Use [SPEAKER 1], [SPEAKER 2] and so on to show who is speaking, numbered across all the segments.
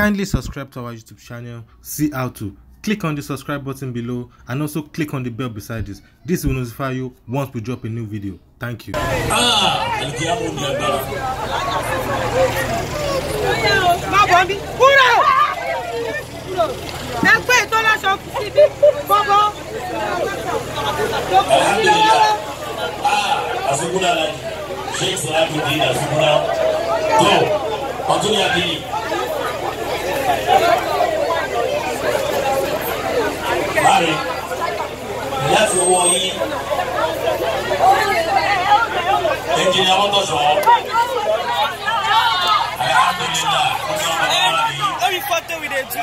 [SPEAKER 1] Kindly subscribe to our YouTube channel, see how to. Click on the subscribe button below and also click on the bell beside this. This will notify you once we drop a new video. Thank you. Asukuna ah, Sheikh Salahuddin Asukuna. Go. Continue. rẹ̀ láti ọwọ́ yín ẹnjìnìá wọn tọ̀ sọ. Every photo we dey do.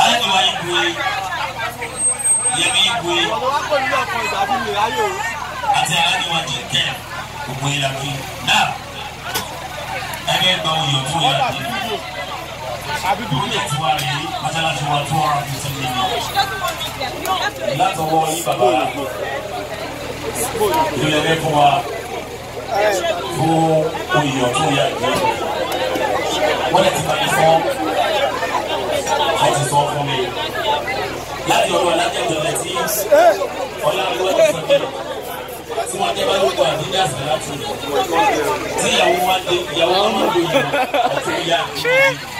[SPEAKER 1] Ayé ni wàá yíbu yé, yẹmi yíbu yé. Àti àyà ni wàá jẹ kẹ́, ògbóyin la fi. Náà ẹgbẹ́ gba oyè ọ̀tún yà dé lórí àti wá rí mọ́sálásí wa two hundred and fifty million látọwọ́ yí bàbá ìlú ẹgbẹ́ fún wa fún oyè ọ̀tún yà dé wọ́n lè ti bàbá fún ọ ti sọ fún mi láti ọ̀rọ̀ alájẹ̀dọ̀lẹ̀ tí ọlá ìwé ti sọ fún mi tí wọ́n dé bá ló wà nílé àṣà láti tí ìyàwó wa dé ìyàwó wa máa lóyún àti ìyá.